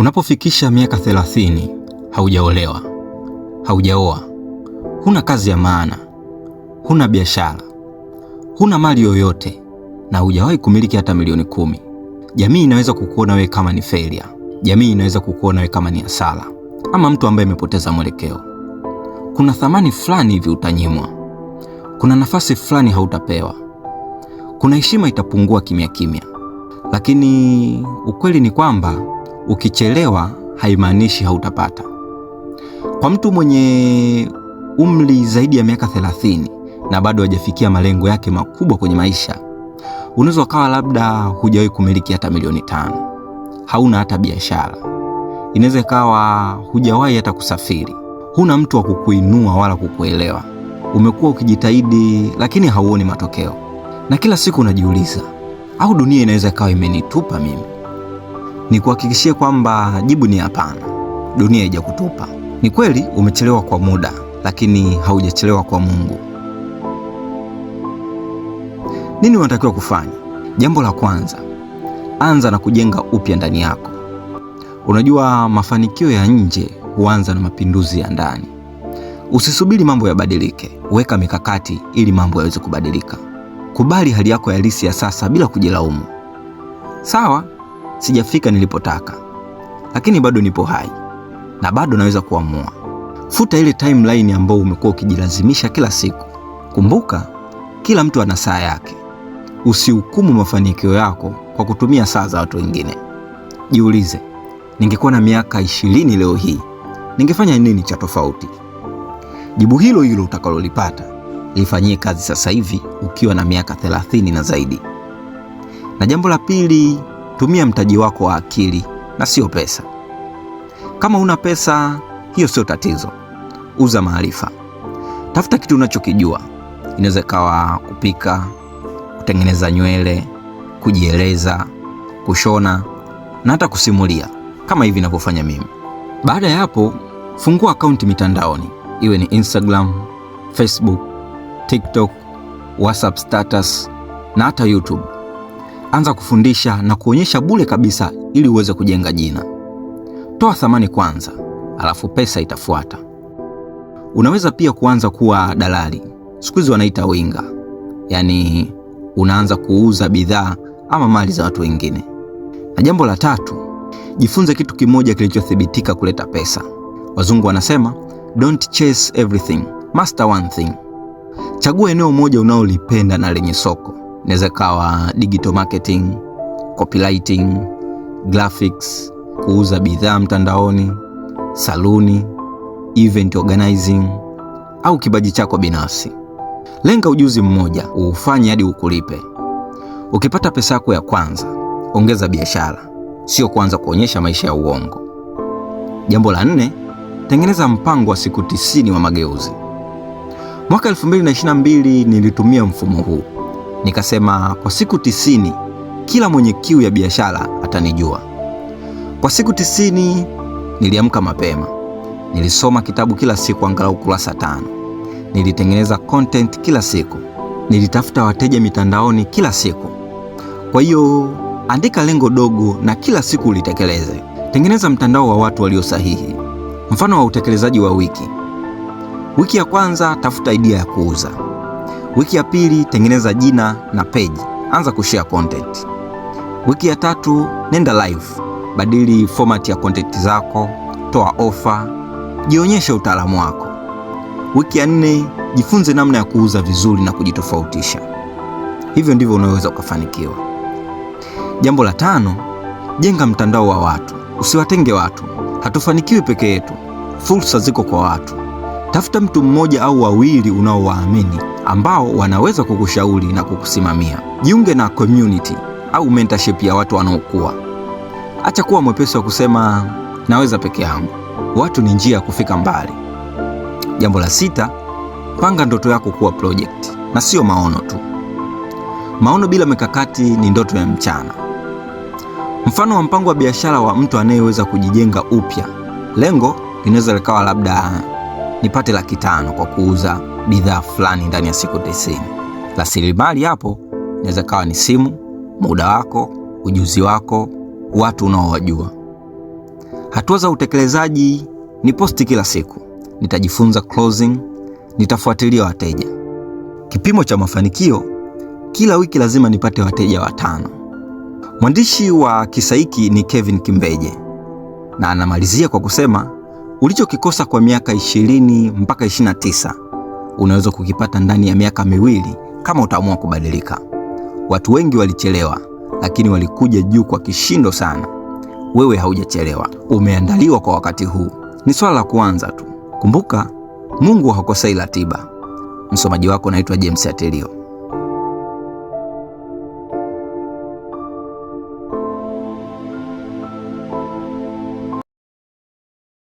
Unapofikisha miaka 30 haujaolewa, haujaoa, huna kazi ya maana, huna biashara, huna mali yoyote na hujawahi kumiliki hata milioni kumi, jamii inaweza kukuona wewe kama ni failure. Jamii inaweza kukuona wewe kama ni hasara ama mtu ambaye amepoteza mwelekeo. Kuna thamani fulani hivi utanyimwa, kuna nafasi fulani hautapewa, kuna heshima itapungua kimya kimya, lakini ukweli ni kwamba Ukichelewa haimaanishi hautapata. Kwa mtu mwenye umri zaidi ya miaka 30 na bado hajafikia malengo yake makubwa kwenye maisha, unaweza ukawa labda hujawahi kumiliki hata milioni tano, hauna hata biashara, inaweza ikawa hujawahi hata kusafiri, huna mtu wa kukuinua wala kukuelewa. Umekuwa ukijitahidi lakini hauoni matokeo, na kila siku unajiuliza, au dunia inaweza ikawa imenitupa mimi? ni kuhakikishia kwamba jibu ni hapana, dunia haijakutupa. Ni kweli umechelewa kwa muda, lakini haujachelewa kwa Mungu. Nini unatakiwa kufanya? Jambo la kwanza, anza na kujenga upya ndani yako. Unajua, mafanikio ya nje huanza na mapinduzi ya ndani. Usisubiri mambo yabadilike, weka mikakati ili mambo yaweze kubadilika. Kubali hali yako halisi ya sasa bila kujilaumu. Sawa, sijafika nilipotaka, lakini bado nipo hai na bado naweza kuamua. Futa ile timeline ambayo umekuwa ukijilazimisha kila siku. Kumbuka, kila mtu ana saa yake. Usihukumu mafanikio yako kwa kutumia saa za watu wengine. Jiulize, ningekuwa na miaka ishirini leo hii ningefanya nini cha tofauti? Jibu hilo hilo utakalolipata lifanyie kazi sasa hivi ukiwa na miaka thelathini na zaidi. Na jambo la pili tumia mtaji wako wa akili na sio pesa. Kama una pesa, hiyo sio tatizo. Uza maarifa, tafuta kitu unachokijua. Inaweza ikawa kupika, kutengeneza nywele, kujieleza, kushona na hata kusimulia kama hivi ninavyofanya mimi. Baada ya hapo, fungua akaunti mitandaoni, iwe ni Instagram, Facebook, TikTok, WhatsApp status na hata YouTube anza kufundisha na kuonyesha bure kabisa ili uweze kujenga jina. Toa thamani kwanza, alafu pesa itafuata. Unaweza pia kuanza kuwa dalali, siku hizi wanaita winga, yaani unaanza kuuza bidhaa ama mali za watu wengine. Na jambo la tatu, jifunze kitu kimoja kilichothibitika kuleta pesa. Wazungu wanasema don't chase everything, master one thing. Chagua eneo moja unaolipenda na lenye soko inaweza kawa digital marketing, copywriting, graphics, kuuza bidhaa mtandaoni, saluni, event organizing au kibaji chako binafsi. Lenga ujuzi mmoja uufanye hadi ukulipe. Ukipata pesa yako ya kwanza, ongeza biashara, sio kuanza kuonyesha maisha ya uongo. Jambo la nne, tengeneza mpango wa siku tisini wa mageuzi. Mwaka 2022 nilitumia mfumo huu. Nikasema kwa siku tisini kila mwenye kiu ya biashara atanijua. Kwa siku tisini niliamka mapema, nilisoma kitabu kila siku angalau kurasa tano, nilitengeneza content kila siku, nilitafuta wateja mitandaoni kila siku. Kwa hiyo andika lengo dogo na kila siku ulitekeleze. Tengeneza mtandao wa watu walio sahihi. Mfano wa utekelezaji wa wiki: wiki ya kwanza, tafuta idea ya kuuza Wiki ya pili tengeneza jina na page, anza kushare content. Wiki ya tatu nenda live, badili format ya content zako, toa ofa, jionyeshe utaalamu wako. Wiki ya nne jifunze namna ya kuuza vizuri na kujitofautisha. Hivyo ndivyo unaweza ukafanikiwa. Jambo la tano, jenga mtandao wa watu, usiwatenge watu. Hatufanikiwi peke yetu, fursa ziko kwa watu. Tafuta mtu mmoja au wawili unaowaamini ambao wanaweza kukushauri na kukusimamia. Jiunge na community au mentorship ya watu wanaokuwa. Acha kuwa mwepesi wa kusema naweza peke yangu. Watu ni njia ya kufika mbali. Jambo la sita, panga ndoto yako kuwa project na sio maono tu. Maono bila mikakati ni ndoto ya mchana. Mfano wa mpango wa biashara wa mtu anayeweza kujijenga upya, lengo linaweza likawa labda nipate laki tano kwa kuuza bidhaa fulani ndani ya siku tisini. Rasilimali hapo inaweza kawa ni simu, muda wako, ujuzi wako, watu unaowajua. Hatua za utekelezaji ni posti kila siku, nitajifunza closing, nitafuatilia wateja. Kipimo cha mafanikio, kila wiki lazima nipate wateja watano. Mwandishi wa kisa hiki ni Kevin Kimbeje na anamalizia kwa kusema Ulichokikosa kwa miaka 20 mpaka 29 unaweza kukipata ndani ya miaka miwili kama utaamua kubadilika. Watu wengi walichelewa, lakini walikuja juu kwa kishindo sana. Wewe haujachelewa, umeandaliwa kwa wakati huu. Ni swala la kuanza tu. Kumbuka, Mungu hakosei ratiba. Msomaji wako naitwa James Atelio.